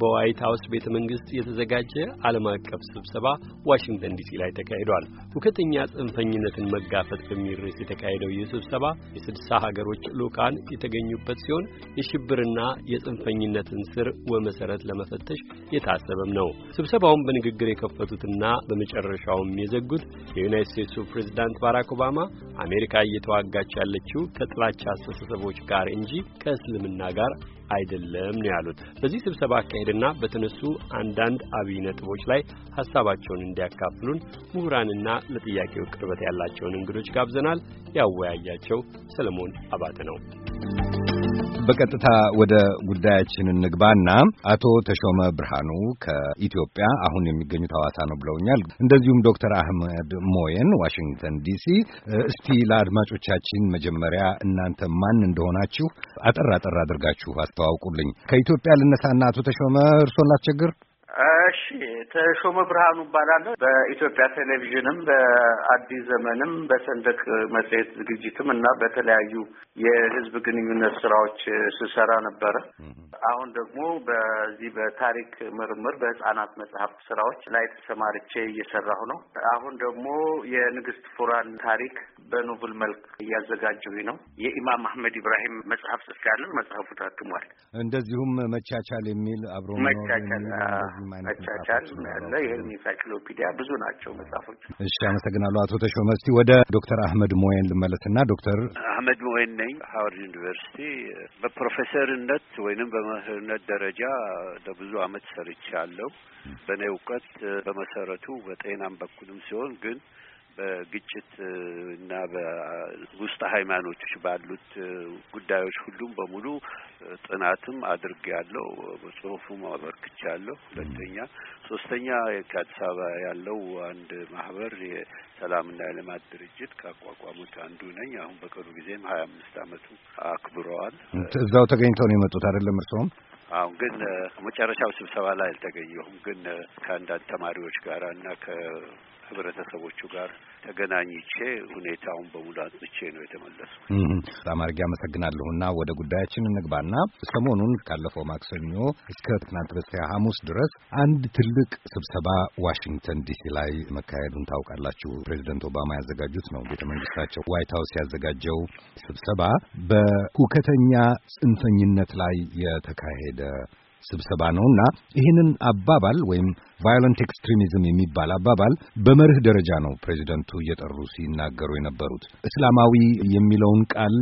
በዋይት ሀውስ ቤተ መንግስት የተዘጋጀ ዓለም አቀፍ ስብሰባ ዋሽንግተን ዲሲ ላይ ተካሂዷል። ሁከተኛ ጽንፈኝነትን መጋፈጥ በሚል ርዕስ የተካሄደው ይህ ስብሰባ የስድሳ ሀገሮች ልዑካን የተገኙበት ሲሆን የሽብርና የጽንፈኝነትን ስር ወመሰረት ለመፈተሽ የታሰበም ነው። ስብሰባውን በንግግር የከፈቱትና በመጨረሻውም የዘጉት የዩናይት ስቴትሱ ፕሬዚዳንት ባራክ ኦባማ አሜሪካ እየተዋጋች ያለችው ከጥላቻ አስተሳሰቦች ጋር እንጂ ከእስልምና ጋር አይደለም ነው ያሉት። በዚህ ስብሰባ አካሄድና በተነሱ አንዳንድ አብይ ነጥቦች ላይ ሀሳባቸውን እንዲያካፍሉን ምሁራንና ለጥያቄው ቅርበት ያላቸውን እንግዶች ጋብዘናል። ያወያያቸው ሰለሞን አባተ ነው። በቀጥታ ወደ ጉዳያችን እንግባና አቶ ተሾመ ብርሃኑ ከኢትዮጵያ አሁን የሚገኙት ሐዋሳ ነው ብለውኛል። እንደዚሁም ዶክተር አህመድ ሞየን ዋሽንግተን ዲሲ። እስቲ ለአድማጮቻችን መጀመሪያ እናንተ ማን እንደሆናችሁ አጠር አጠር አድርጋችሁ አስተዋውቁልኝ። ከኢትዮጵያ ልነሳና አቶ ተሾመ እርሶን ላስቸግር። እሺ ተሾመ ብርሃኑ እባላለሁ። በኢትዮጵያ ቴሌቪዥንም በአዲስ ዘመንም በሰንደቅ መጽሔት ዝግጅትም እና በተለያዩ የህዝብ ግንኙነት ስራዎች ስሰራ ነበረ። አሁን ደግሞ በዚህ በታሪክ ምርምር በህጻናት መጽሐፍ ስራዎች ላይ ተሰማርቼ እየሰራሁ ነው። አሁን ደግሞ የንግስት ፉራን ታሪክ በኖብል መልክ እያዘጋጀሁኝ ነው። የኢማም አህመድ ኢብራሂም መጽሐፍ ጽፌያለሁ። መጽሐፉ ታትሟል። እንደዚሁም መቻቻል የሚል አብሮ መቻቻል መቻቻል ያለ የህልም ኢንሳይክሎፒዲያ ብዙ ናቸው መጽሐፎች። እሺ፣ አመሰግናለሁ አቶ ተሾመ። እስቲ ወደ ዶክተር አህመድ ሞየን ልመለስና ዶክተር አህመድ ሞየን ነኝ። ሀዋርድ ዩኒቨርሲቲ በፕሮፌሰርነት ወይንም በመምህርነት ደረጃ ለብዙ አመት ሰርቻለሁ። በእኔ እውቀት በመሰረቱ በጤናም በኩልም ሲሆን ግን በግጭት እና በውስጥ ሃይማኖቶች ባሉት ጉዳዮች ሁሉም በሙሉ ጥናትም አድርጌያለሁ፣ በጽሁፉም አበርክቻለሁ። ሁለተኛ ሶስተኛ ከአዲስ አበባ ያለው አንድ ማህበር የሰላምና የልማት ድርጅት ካቋቋሙት አንዱ ነኝ። አሁን በቅርቡ ጊዜም ሀያ አምስት አመቱ አክብረዋል። እዛው ተገኝተው ነው የመጡት አይደለም እርስዎም? አሁን ግን መጨረሻው ስብሰባ ላይ አልተገኘሁም፣ ግን ከአንዳንድ ተማሪዎች ጋር እና ከ ህብረተሰቦቹ ጋር ተገናኝቼ ሁኔታውን በሙሉ አጥንቼ ነው የተመለሱ። በጣም አድርጌ አመሰግናለሁና ወደ ጉዳያችን እንግባና ሰሞኑን ካለፈው ማክሰኞ እስከ ትናንት በስቲያ ሐሙስ ድረስ አንድ ትልቅ ስብሰባ ዋሽንግተን ዲሲ ላይ መካሄዱን ታውቃላችሁ። ፕሬዚደንት ኦባማ ያዘጋጁት ነው። ቤተ መንግስታቸው ዋይት ሀውስ ያዘጋጀው ስብሰባ በሁከተኛ ጽንፈኝነት ላይ የተካሄደ ስብሰባ ነውና ይህንን አባባል ወይም ቫዮለንት ኤክስትሪሚዝም የሚባል አባባል በመርህ ደረጃ ነው ፕሬዚደንቱ እየጠሩ ሲናገሩ የነበሩት። እስላማዊ የሚለውን ቃል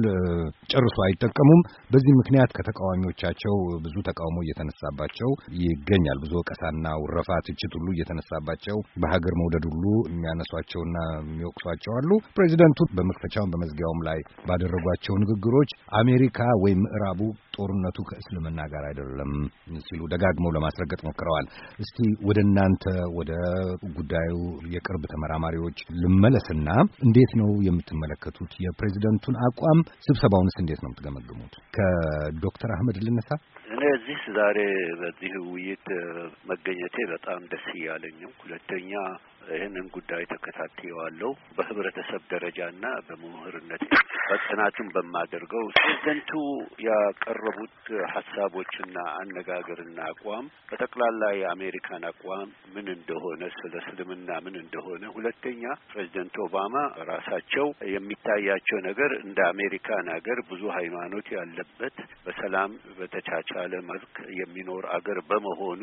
ጨርሶ አይጠቀሙም። በዚህ ምክንያት ከተቃዋሚዎቻቸው ብዙ ተቃውሞ እየተነሳባቸው ይገኛል። ብዙ ወቀሳና ውረፋ፣ ትችት ሁሉ እየተነሳባቸው በሀገር መውደድ ሁሉ የሚያነሷቸውና የሚወቅሷቸው አሉ። ፕሬዚደንቱ በመክፈቻውም በመዝጊያውም ላይ ባደረጓቸው ንግግሮች አሜሪካ ወይም ምዕራቡ ጦርነቱ ከእስልምና ጋር አይደለም ሲሉ ደጋግመው ለማስረገጥ ሞክረዋል። እስቲ ወደ እናንተ ወደ ጉዳዩ የቅርብ ተመራማሪዎች ልመለስና እንዴት ነው የምትመለከቱት የፕሬዚደንቱን አቋም? ስብሰባውንስ እንዴት ነው የምትገመግሙት? ከዶክተር አህመድ ልነሳ። እኔ እዚህ ዛሬ በዚህ ውይይት መገኘቴ በጣም ደስ እያለኝም፣ ሁለተኛ ይህንን ጉዳይ ተከታትየዋለሁ በህብረተሰብ ደረጃና በመምህርነት ጥናቱን በማደርገው ፕሬዚደንቱ ያቀረቡት ሀሳቦችና አነጋገርና አቋም በጠቅላላ የአሜሪካን አቋም ምን እንደሆነ ስለ እስልምና ምን እንደሆነ፣ ሁለተኛ ፕሬዝደንት ኦባማ ራሳቸው የሚታያቸው ነገር እንደ አሜሪካን ሀገር ብዙ ሃይማኖት ያለበት በሰላም በተቻቻለ መልክ የሚኖር አገር በመሆኑ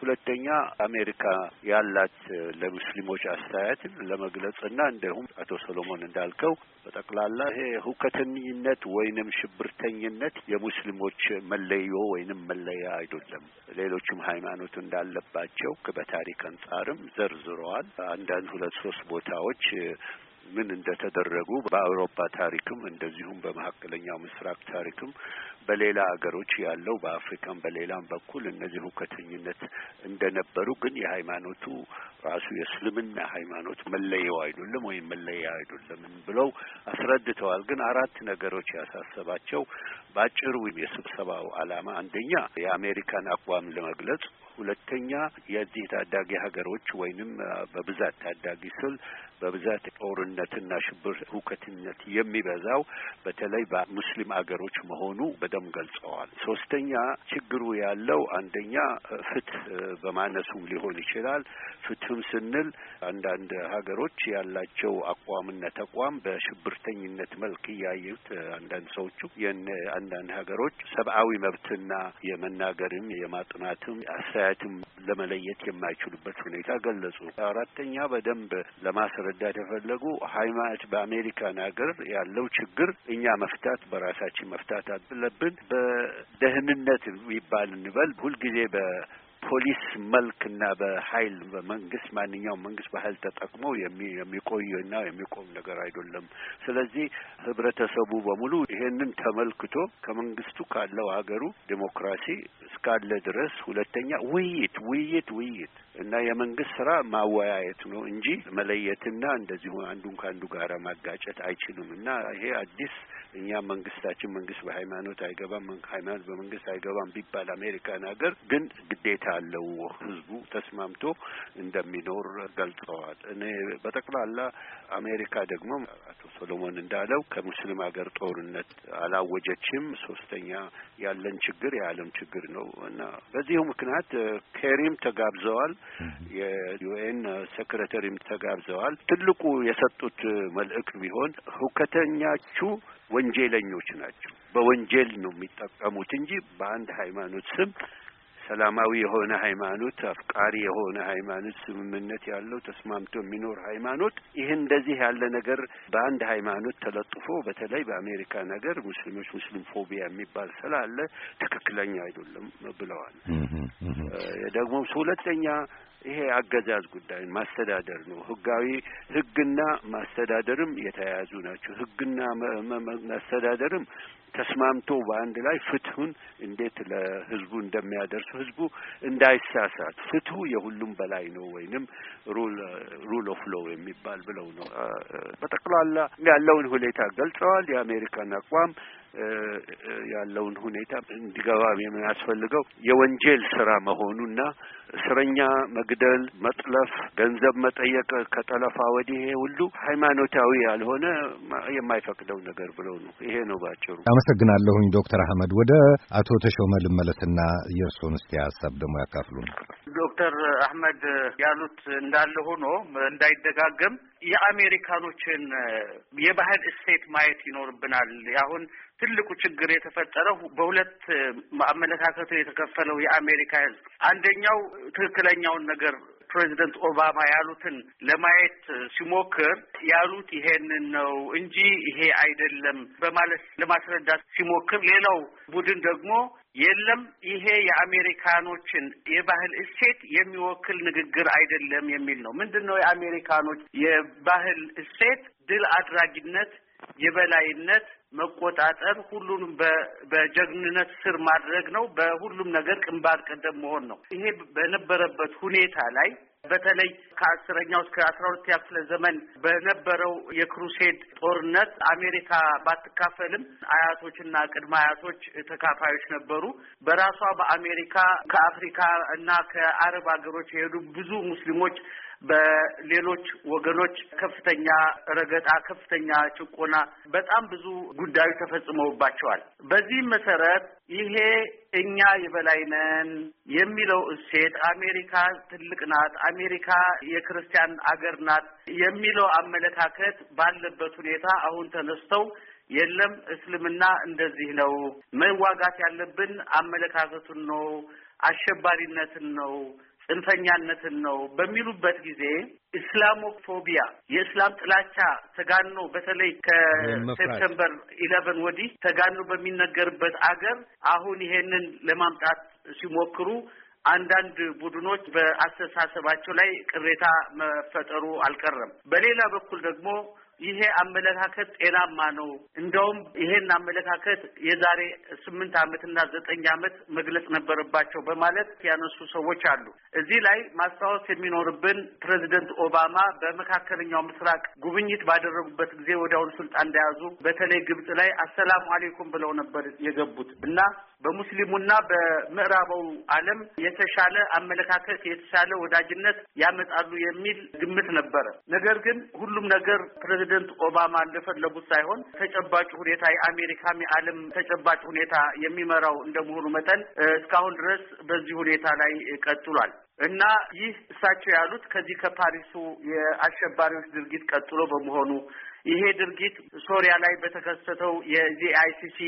ሁለተኛ አሜሪካ ያላት ለሙስሊሞች አስተያየትን ለመግለጽና እንዲሁም አቶ ሰሎሞን እንዳልከው በጠቅላላ ይሄ ሁከተኝነት ወይንም ሽብርተኝነት የሙስሊሞች መለዮ ወይንም መለያ አይደለም። ሌሎችም ሃይማኖት እንዳለባቸው በታሪክ አንጻርም ዘርዝረዋል። አንዳንድ ሁለት ሶስት ቦታዎች ምን እንደተደረጉ በአውሮፓ ታሪክም እንደዚሁም በመካከለኛው ምስራቅ ታሪክም በሌላ ሀገሮች ያለው በአፍሪካም በሌላም በኩል እነዚህ ሁከተኝነት እንደነበሩ ግን የሃይማኖቱ ራሱ የእስልምና ሃይማኖት መለየው አይደለም ወይም መለያ አይደለም ብለው አስረድተዋል። ግን አራት ነገሮች ያሳሰባቸው በአጭሩ የስብሰባው ዓላማ አንደኛ የአሜሪካን አቋም ለመግለጽ ሁለተኛ የዚህ ታዳጊ ሀገሮች ወይንም በብዛት ታዳጊ ስል በብዛት ጦርነትና ሽብር ሁከትነት የሚበዛው በተለይ በሙስሊም አገሮች መሆኑ በደንብ ገልጸዋል። ሶስተኛ ችግሩ ያለው አንደኛ ፍትህ በማነሱም ሊሆን ይችላል። ፍትህም ስንል አንዳንድ ሀገሮች ያላቸው አቋምና ተቋም በሽብርተኝነት መልክ እያዩት አንዳንድ ሰዎቹ የነ አንዳንድ ሀገሮች ሰብአዊ መብትና የመናገርም የማጥናትም አስተያየትም ለመለየት የማይችሉበት ሁኔታ ገለጹ። አራተኛ በደንብ ለማስረ ለመረዳት የፈለጉ ሃይማኖት በአሜሪካን ሀገር ያለው ችግር እኛ መፍታት በራሳችን መፍታት አለብን። በደህንነት ይባል እንበል ሁልጊዜ በ ፖሊስ ና በኃይል በመንግስት ማንኛውም መንግስት በኃይል ተጠቅሞ የሚቆይና የሚቆም ነገር አይደለም። ስለዚህ ህብረተሰቡ በሙሉ ይሄንን ተመልክቶ ከመንግስቱ ካለው ሀገሩ ዴሞክራሲ እስካለ ድረስ ሁለተኛ ውይይት ውይይት ውይይት እና የመንግስት ስራ ማወያየት ነው እንጂ መለየትና እንደዚሁ አንዱን ከአንዱ ጋር ማጋጨት አይችልም እና ይሄ አዲስ እኛ መንግስታችን መንግስት በሃይማኖት አይገባም፣ ሃይማኖት በመንግስት አይገባም ቢባል አሜሪካን ሀገር ግን ግዴታ አለው ህዝቡ ተስማምቶ እንደሚኖር ገልጸዋል። እኔ በጠቅላላ አሜሪካ ደግሞ አቶ ሶሎሞን እንዳለው ከሙስሊም ሀገር ጦርነት አላወጀችም። ሶስተኛ ያለን ችግር የዓለም ችግር ነው እና በዚሁ ምክንያት ኬሪም ተጋብዘዋል፣ የዩኤን ሴክሬተሪም ተጋብዘዋል። ትልቁ የሰጡት መልእክት ቢሆን ሁከተኛችሁ ወንጀለኞች ናቸው። በወንጀል ነው የሚጠቀሙት እንጂ በአንድ ሃይማኖት ስም ሰላማዊ የሆነ ሃይማኖት፣ አፍቃሪ የሆነ ሃይማኖት፣ ስምምነት ያለው ተስማምቶ የሚኖር ሃይማኖት ይህ እንደዚህ ያለ ነገር በአንድ ሃይማኖት ተለጥፎ በተለይ በአሜሪካ ነገር ሙስሊሞች ሙስሊም ፎቢያ የሚባል ስላለ ትክክለኛ አይደለም ብለዋል። ደግሞ ሁለተኛ ይሄ አገዛዝ ጉዳይ ማስተዳደር ነው። ህጋዊ ህግና ማስተዳደርም የተያያዙ ናቸው። ህግና ማስተዳደርም ተስማምቶ በአንድ ላይ ፍትሁን እንዴት ለህዝቡ እንደሚያደርሱ ህዝቡ እንዳይሳሳት ፍትሁ የሁሉም በላይ ነው ወይንም ሩል ኦፍ ሎው የሚባል ብለው ነው በጠቅላላ ያለውን ሁኔታ ገልጸዋል። የአሜሪካን አቋም ያለውን ሁኔታ እንዲገባ የሚያስፈልገው የወንጀል ስራ መሆኑና እስረኛ መግደል፣ መጥለፍ፣ ገንዘብ መጠየቅ ከጠለፋ ወዲህ ይሄ ሁሉ ሃይማኖታዊ ያልሆነ የማይፈቅደው ነገር ብለው ነው። ይሄ ነው ባጭሩ። አመሰግናለሁኝ ዶክተር አህመድ። ወደ አቶ ተሾመ ልመለስና የእርስዎን እስቲ ሀሳብ ደግሞ ያካፍሉን። ዶክተር አህመድ ያሉት እንዳለ ሆኖ እንዳይደጋገም የአሜሪካኖችን የባህል እሴት ማየት ይኖርብናል። አሁን ትልቁ ችግር የተፈጠረው በሁለት አመለካከቱ የተከፈለው የአሜሪካ ህዝብ አንደኛው ትክክለኛውን ነገር ፕሬዚደንት ኦባማ ያሉትን ለማየት ሲሞክር ያሉት ይሄንን ነው እንጂ ይሄ አይደለም በማለት ለማስረዳት ሲሞክር፣ ሌላው ቡድን ደግሞ የለም ይሄ የአሜሪካኖችን የባህል እሴት የሚወክል ንግግር አይደለም የሚል ነው። ምንድን ነው የአሜሪካኖች የባህል እሴት? ድል አድራጊነት፣ የበላይነት መቆጣጠር፣ ሁሉንም በጀግንነት ስር ማድረግ ነው። በሁሉም ነገር ግንባር ቀደም መሆን ነው። ይሄ በነበረበት ሁኔታ ላይ በተለይ ከአስረኛው እስከ አስራ ሁለተኛ ክፍለ ዘመን በነበረው የክሩሴድ ጦርነት አሜሪካ ባትካፈልም አያቶችና ቅድመ አያቶች ተካፋዮች ነበሩ። በራሷ በአሜሪካ ከአፍሪካ እና ከአረብ ሀገሮች የሄዱ ብዙ ሙስሊሞች በሌሎች ወገኖች ከፍተኛ ረገጣ፣ ከፍተኛ ጭቆና፣ በጣም ብዙ ጉዳዩ ተፈጽመውባቸዋል። በዚህም መሰረት ይሄ እኛ የበላይ ነን የሚለው እሴት አሜሪካ ትልቅ ናት፣ አሜሪካ የክርስቲያን አገር ናት የሚለው አመለካከት ባለበት ሁኔታ አሁን ተነስተው የለም እስልምና እንደዚህ ነው፣ መዋጋት ያለብን አመለካከቱን ነው፣ አሸባሪነትን ነው ጽንፈኛነትን ነው በሚሉበት ጊዜ ኢስላሞፎቢያ የእስላም ጥላቻ ተጋኖ በተለይ ከሴፕተምበር ኢለቨን ወዲህ ተጋኖ በሚነገርበት አገር አሁን ይሄንን ለማምጣት ሲሞክሩ አንዳንድ ቡድኖች በአስተሳሰባቸው ላይ ቅሬታ መፈጠሩ አልቀረም። በሌላ በኩል ደግሞ ይሄ አመለካከት ጤናማ ነው። እንደውም ይሄን አመለካከት የዛሬ ስምንት ዓመትና ዘጠኝ ዓመት መግለጽ ነበረባቸው በማለት ያነሱ ሰዎች አሉ። እዚህ ላይ ማስታወስ የሚኖርብን ፕሬዚደንት ኦባማ በመካከለኛው ምስራቅ ጉብኝት ባደረጉበት ጊዜ ወዲያውኑ ስልጣን እንደያዙ በተለይ ግብጽ ላይ አሰላሙ አሌይኩም ብለው ነበር የገቡት እና በሙስሊሙና በምዕራባዊ ዓለም የተሻለ አመለካከት የተሻለ ወዳጅነት ያመጣሉ የሚል ግምት ነበረ። ነገር ግን ሁሉም ነገር ፕሬዚደንት ኦባማ እንደፈለጉት ሳይሆን ተጨባጭ ሁኔታ የአሜሪካም የዓለም ተጨባጭ ሁኔታ የሚመራው እንደመሆኑ መጠን እስካሁን ድረስ በዚህ ሁኔታ ላይ ቀጥሏል። እና ይህ እሳቸው ያሉት ከዚህ ከፓሪሱ የአሸባሪዎች ድርጊት ቀጥሎ በመሆኑ ይሄ ድርጊት ሶሪያ ላይ በተከሰተው የዚህ አይሲሲ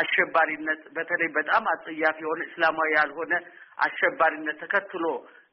አሸባሪነት በተለይ በጣም አጸያፊ የሆነ እስላማዊ ያልሆነ አሸባሪነት ተከትሎ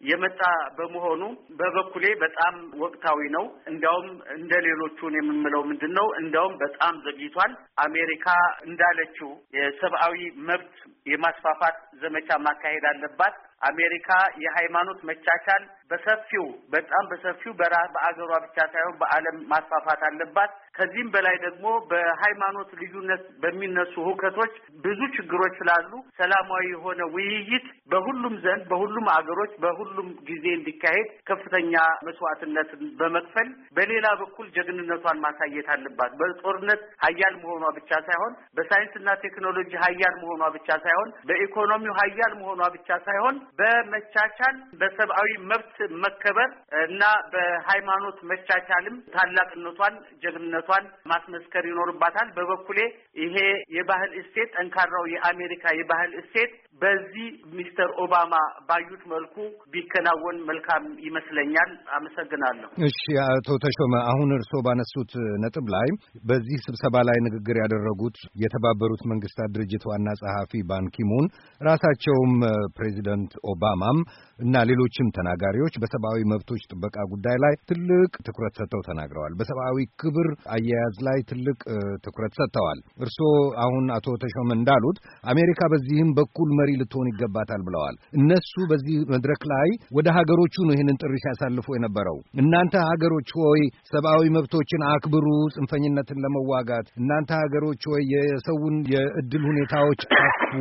የመጣ በመሆኑ በበኩሌ በጣም ወቅታዊ ነው። እንዲያውም እንደ ሌሎቹን የምንለው ምንድን ነው? እንዲያውም በጣም ዘግይቷል። አሜሪካ እንዳለችው የሰብአዊ መብት የማስፋፋት ዘመቻ ማካሄድ አለባት። አሜሪካ የሃይማኖት መቻቻል በሰፊው በጣም በሰፊው በአገሯ ብቻ ሳይሆን በዓለም ማስፋፋት አለባት። ከዚህም በላይ ደግሞ በሃይማኖት ልዩነት በሚነሱ ሁከቶች ብዙ ችግሮች ስላሉ ሰላማዊ የሆነ ውይይት በሁሉም ዘንድ በሁሉም አገሮች በሁሉም ጊዜ እንዲካሄድ ከፍተኛ መስዋዕትነት በመክፈል በሌላ በኩል ጀግንነቷን ማሳየት አለባት። በጦርነት ሀያል መሆኗ ብቻ ሳይሆን በሳይንስና ቴክኖሎጂ ሀያል መሆኗ ብቻ ሳይሆን በኢኮኖሚው ሀያል መሆኗ ብቻ ሳይሆን በመቻቻል በሰብአዊ መብት መከበር እና በሃይማኖት መቻቻልም ታላቅነቷን ጀግንነቷን ማስመስከር ይኖርባታል። በበኩሌ ይሄ የባህል እሴት ጠንካራው የአሜሪካ የባህል እሴት በዚህ ሚስተር ኦባማ ባዩት መልኩ ቢከናወን መልካም ይመስለኛል። አመሰግናለሁ። እሺ፣ አቶ ተሾመ አሁን እርስዎ ባነሱት ነጥብ ላይ በዚህ ስብሰባ ላይ ንግግር ያደረጉት የተባበሩት መንግስታት ድርጅት ዋና ጸሐፊ ባንኪሙን ራሳቸውም ፕሬዚደንት ኦባማም እና ሌሎችም ተናጋሪዎች በሰብአዊ መብቶች ጥበቃ ጉዳይ ላይ ትልቅ ትኩረት ሰጥተው ተናግረዋል። በሰብአዊ ክብር አያያዝ ላይ ትልቅ ትኩረት ሰጥተዋል። እርስዎ አሁን አቶ ተሾመ እንዳሉት አሜሪካ በዚህም በኩል መሪ መሪ ልትሆን ይገባታል ብለዋል። እነሱ በዚህ መድረክ ላይ ወደ ሀገሮቹ ነው ይህንን ጥሪ ሲያሳልፉ የነበረው። እናንተ ሀገሮች ሆይ ሰብአዊ መብቶችን አክብሩ፣ ጽንፈኝነትን ለመዋጋት እናንተ ሀገሮች ሆይ የሰውን የእድል ሁኔታዎች አክፉ፣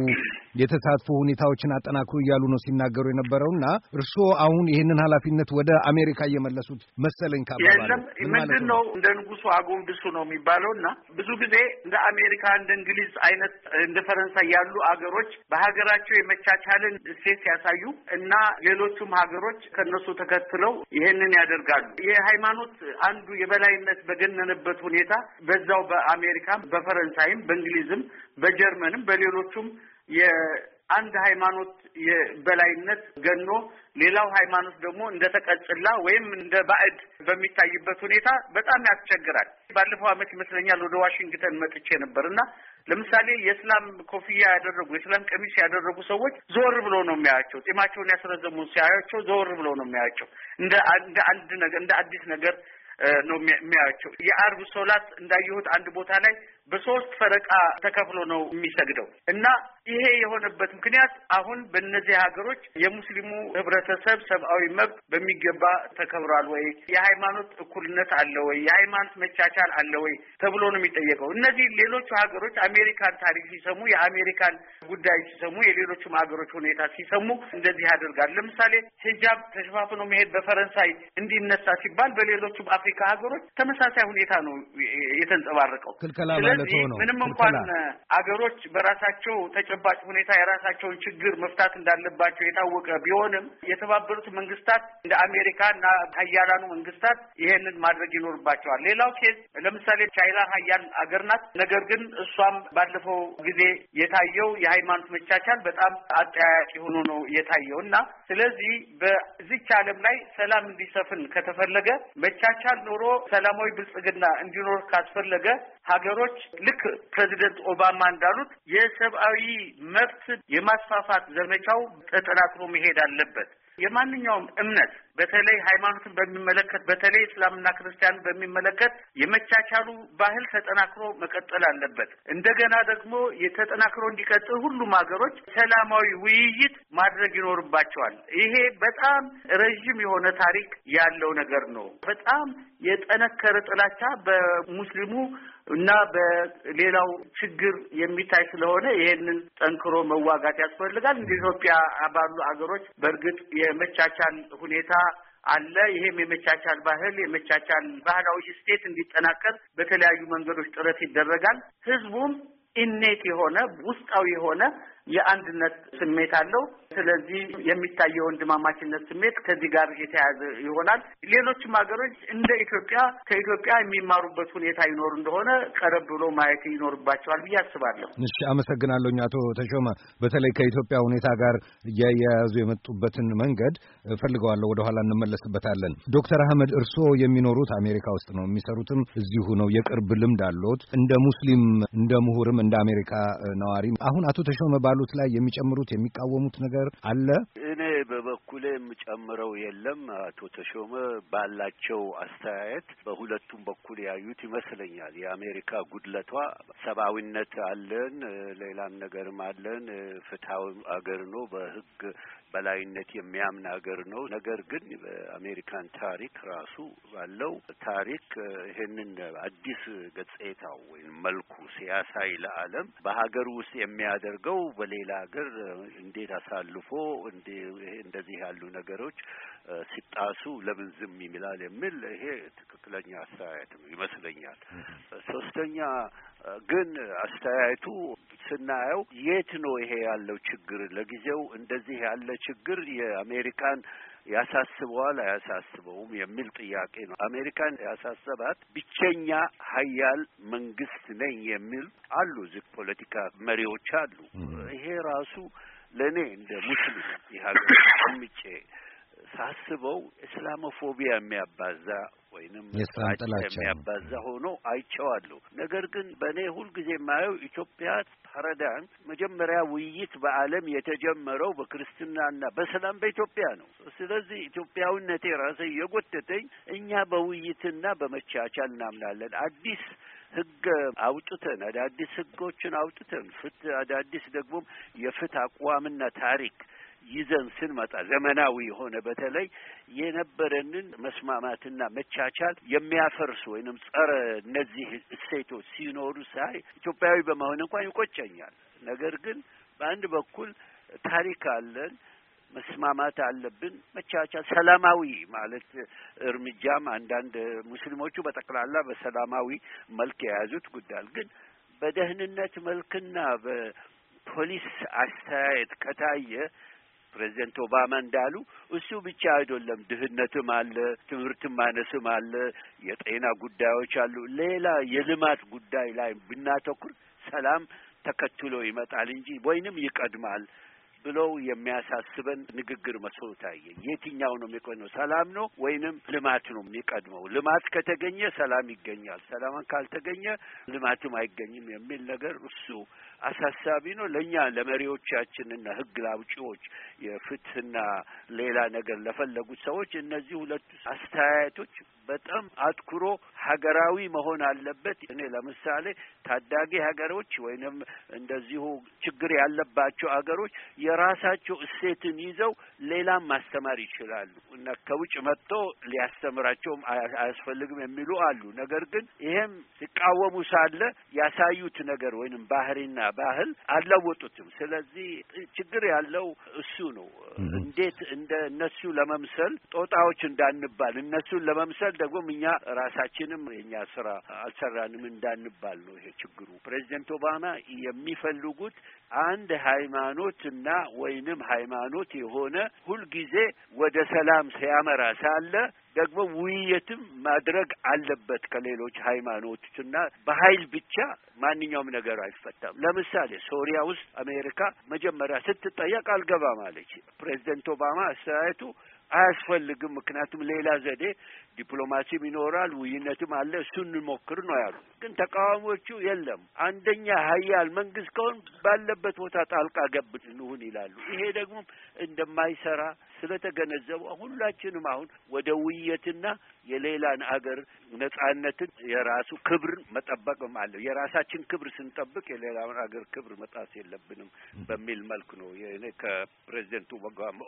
የተሳትፎ ሁኔታዎችን አጠናክሩ እያሉ ነው ሲናገሩ የነበረውና እርስዎ አሁን ይህንን ኃላፊነት ወደ አሜሪካ እየመለሱት መሰለኝ። ካባባለም ምንድን ነው እንደ ንጉሱ አጎንብሱ ነው የሚባለው እና ብዙ ጊዜ እንደ አሜሪካ እንደ እንግሊዝ አይነት እንደ ፈረንሳይ ያሉ አገሮች በሀገር ያላቸው የመቻቻልን እሴት ሲያሳዩ እና ሌሎቹም ሀገሮች ከነሱ ተከትለው ይሄንን ያደርጋሉ። የሃይማኖት አንዱ የበላይነት በገነነበት ሁኔታ በዛው በአሜሪካም፣ በፈረንሳይም፣ በእንግሊዝም፣ በጀርመንም በሌሎቹም አንድ ሃይማኖት የበላይነት ገኖ ሌላው ሃይማኖት ደግሞ እንደ ተቀጽላ ወይም እንደ ባዕድ በሚታይበት ሁኔታ በጣም ያስቸግራል። ባለፈው ዓመት ይመስለኛል ወደ ዋሽንግተን መጥቼ ነበር እና ለምሳሌ የእስላም ኮፍያ ያደረጉ የእስላም ቀሚስ ያደረጉ ሰዎች ዞር ብሎ ነው የሚያያቸው። ጢማቸውን ያስረዘሙ ሲያያቸው ዞር ብሎ ነው የሚያያቸው። እንደ እንደ አንድ ነገር እንደ አዲስ ነገር ነው የሚያያቸው። የአርብ ሶላት እንዳየሁት አንድ ቦታ ላይ በሶስት ፈረቃ ተከፍሎ ነው የሚሰግደው እና ይሄ የሆነበት ምክንያት አሁን በእነዚህ ሀገሮች የሙስሊሙ ህብረተሰብ ሰብአዊ መብት በሚገባ ተከብሯል ወይ፣ የሃይማኖት እኩልነት አለ ወይ፣ የሃይማኖት መቻቻል አለ ወይ ተብሎ ነው የሚጠየቀው። እነዚህ ሌሎቹ ሀገሮች አሜሪካን ታሪክ ሲሰሙ፣ የአሜሪካን ጉዳይ ሲሰሙ፣ የሌሎቹም ሀገሮች ሁኔታ ሲሰሙ እንደዚህ ያደርጋል። ለምሳሌ ሂጃብ ተሸፋፍኖ መሄድ በፈረንሳይ እንዲነሳ ሲባል በሌሎቹም አፍሪካ ሀገሮች ተመሳሳይ ሁኔታ ነው የተንጸባረቀው። ስለዚህ ምንም እንኳን አገሮች በራሳቸው ተጨባጭ ሁኔታ የራሳቸውን ችግር መፍታት እንዳለባቸው የታወቀ ቢሆንም የተባበሩት መንግስታት እንደ አሜሪካ እና ሀያላኑ መንግስታት ይሄንን ማድረግ ይኖርባቸዋል። ሌላው ኬዝ ለምሳሌ ቻይና ሀያል አገር ናት። ነገር ግን እሷም ባለፈው ጊዜ የታየው የሃይማኖት መቻቻል በጣም አጠያያቂ ሆኖ ነው የታየው እና ስለዚህ በዚች ዓለም ላይ ሰላም እንዲሰፍን ከተፈለገ መቻቻል ኖሮ ሰላማዊ ብልጽግና እንዲኖር ካስፈለገ ሀገሮች ልክ ፕሬዚደንት ኦባማ እንዳሉት የሰብአዊ መብት የማስፋፋት ዘመቻው ተጠናክሮ መሄድ አለበት። የማንኛውም እምነት በተለይ ሃይማኖትን በሚመለከት በተለይ እስላምና ክርስቲያንን በሚመለከት የመቻቻሉ ባህል ተጠናክሮ መቀጠል አለበት። እንደገና ደግሞ የተጠናክሮ እንዲቀጥል ሁሉም ሀገሮች ሰላማዊ ውይይት ማድረግ ይኖርባቸዋል። ይሄ በጣም ረዥም የሆነ ታሪክ ያለው ነገር ነው። በጣም የጠነከረ ጥላቻ በሙስሊሙ እና በሌላው ችግር የሚታይ ስለሆነ ይሄንን ጠንክሮ መዋጋት ያስፈልጋል። እንደ ኢትዮጵያ ባሉ አገሮች በእርግጥ የመቻቻል ሁኔታ አለ። ይሄም የመቻቻል ባህል የመቻቻል ባህላዊ ስቴት እንዲጠናከር በተለያዩ መንገዶች ጥረት ይደረጋል። ህዝቡም ኢኔት የሆነ ውስጣዊ የሆነ የአንድነት ስሜት አለው። ስለዚህ የሚታየው ወንድማማችነት ስሜት ከዚህ ጋር የተያያዘ ይሆናል። ሌሎችም ሀገሮች እንደ ኢትዮጵያ ከኢትዮጵያ የሚማሩበት ሁኔታ ይኖር እንደሆነ ቀረብ ብሎ ማየት ይኖርባቸዋል ብዬ አስባለሁ። እሺ፣ አመሰግናለሁኝ አቶ ተሾመ። በተለይ ከኢትዮጵያ ሁኔታ ጋር እያያያዙ የመጡበትን መንገድ እፈልገዋለሁ። ወደኋላ እንመለስበታለን። ዶክተር አህመድ እርስዎ የሚኖሩት አሜሪካ ውስጥ ነው፣ የሚሰሩትም እዚሁ ነው። የቅርብ ልምድ አለዎት እንደ ሙስሊም እንደ ምሁርም እንደ አሜሪካ ነዋሪም። አሁን አቶ ተሾመ ባሉ ባሉት ላይ የሚጨምሩት የሚቃወሙት ነገር አለ? እኔ በበኩሌ የምጨምረው የለም። አቶ ተሾመ ባላቸው አስተያየት በሁለቱም በኩል ያዩት ይመስለኛል። የአሜሪካ ጉድለቷ ሰብአዊነት አለን፣ ሌላም ነገርም አለን። ፍትሐዊ አገር ነው፣ በህግ በላይነት የሚያምን ሀገር ነው። ነገር ግን በአሜሪካን ታሪክ ራሱ ባለው ታሪክ ይሄንን አዲስ ገጽታው ወይም መልኩ ሲያሳይ ለዓለም በሀገር ውስጥ የሚያደርገው በሌላ ሀገር እንዴት አሳልፎ እንደዚህ ያሉ ነገሮች ሲጣሱ ለምን ዝም ይላል የሚል ይሄ ትክክለኛ አስተያየት ነው ይመስለኛል። ሶስተኛ ግን አስተያየቱ ስናየው የት ነው ይሄ ያለው ችግር? ለጊዜው እንደዚህ ያለ ችግር የአሜሪካን ያሳስበዋል አያሳስበውም የሚል ጥያቄ ነው። አሜሪካን ያሳሰባት ብቸኛ ሀያል መንግስት ነኝ የሚል አሉ፣ እዚህ ፖለቲካ መሪዎች አሉ። ይሄ ራሱ ለእኔ እንደ ሙስሊም የሀገር ምጬ ሳስበው እስላሞፎቢያ የሚያባዛ ወይንም የሚያባዛ ሆኖ አይቼዋለሁ። ነገር ግን በእኔ ሁልጊዜ የማየው ኢትዮጵያ ፓራዳይም መጀመሪያ ውይይት በዓለም የተጀመረው በክርስትናና በሰላም በኢትዮጵያ ነው። ስለዚህ ኢትዮጵያዊነቴ ራሴ የጎተተኝ እኛ በውይይትና በመቻቻል እናምናለን አዲስ ሕግ አውጥተን አዳዲስ ህጎችን አውጥተን ፍት አዳዲስ ደግሞ የፍት አቋምና ታሪክ ይዘን ስንመጣ ዘመናዊ የሆነ በተለይ የነበረንን መስማማትና መቻቻል የሚያፈርሱ ወይንም ጸረ እነዚህ እሴቶች ሲኖሩ ሳይ ኢትዮጵያዊ በመሆን እንኳን ይቆጨኛል። ነገር ግን በአንድ በኩል ታሪክ አለን፣ መስማማት አለብን፣ መቻቻል ሰላማዊ ማለት እርምጃም አንዳንድ ሙስሊሞቹ በጠቅላላ በሰላማዊ መልክ የያዙት ጉዳይ ግን በደህንነት መልክና በፖሊስ አስተያየት ከታየ ፕሬዚደንት ኦባማ እንዳሉ እሱ ብቻ አይደለም። ድህነትም አለ፣ ትምህርትም ማነስም አለ፣ የጤና ጉዳዮች አሉ። ሌላ የልማት ጉዳይ ላይ ብናተኩር ሰላም ተከትሎ ይመጣል እንጂ ወይንም ይቀድማል ብለው የሚያሳስበን ንግግር መስሎ ታየ። የትኛው ነው የሚቆነው? ሰላም ነው ወይንም ልማት ነው የሚቀድመው? ልማት ከተገኘ ሰላም ይገኛል፣ ሰላምን ካልተገኘ ልማትም አይገኝም የሚል ነገር እሱ አሳሳቢ ነው። ለእኛ ለመሪዎቻችንና ህግ ላውጪዎች የፍትህና ሌላ ነገር ለፈለጉት ሰዎች እነዚህ ሁለቱ አስተያየቶች በጣም አትኩሮ ሀገራዊ መሆን አለበት። እኔ ለምሳሌ ታዳጊ ሀገሮች ወይንም እንደዚሁ ችግር ያለባቸው ሀገሮች የራሳቸው እሴትን ይዘው ሌላም ማስተማር ይችላሉ እና ከውጭ መጥቶ ሊያስተምራቸውም አያስፈልግም የሚሉ አሉ። ነገር ግን ይሄም ሲቃወሙ ሳለ ያሳዩት ነገር ወይንም ባህሪና ባህል አልለወጡትም። ስለዚህ ችግር ያለው እሱ ነው። እንዴት እንደ እነሱ ለመምሰል ጦጣዎች እንዳንባል እነሱን ለመምሰል ደግሞ እኛ ራሳችንም የእኛ ስራ አልሰራንም እንዳንባል ነው ይሄ ችግሩ። ፕሬዚደንት ኦባማ የሚፈልጉት አንድ ሃይማኖት እና ወይንም ሃይማኖት የሆነ ሁልጊዜ ወደ ሰላም ሲያመራ ሳለ ደግሞ ውይይትም ማድረግ አለበት ከሌሎች ሃይማኖቶች እና በኃይል ብቻ ማንኛውም ነገር አይፈታም። ለምሳሌ ሶሪያ ውስጥ አሜሪካ መጀመሪያ ስትጠየቅ አልገባም አለች። ፕሬዚደንት ኦባማ አስተያየቱ አያስፈልግም፣ ምክንያቱም ሌላ ዘዴ ዲፕሎማሲም ይኖራል፣ ውይይነትም አለ። እሱ እንሞክር ነው ያሉ። ግን ተቃዋሚዎቹ የለም አንደኛ ሀያል መንግስት ከሆን ባለበት ቦታ ጣልቃ ገብ እንሁን ይላሉ። ይሄ ደግሞ እንደማይሰራ ስለተገነዘቡ ሁላችንም አሁን ወደ ውይይትና የሌላን አገር ነጻነትን የራሱ ክብር መጠበቅም አለው። የራሳችን ክብር ስንጠብቅ የሌላውን አገር ክብር መጣስ የለብንም በሚል መልክ ነው እኔ ከፕሬዚደንቱ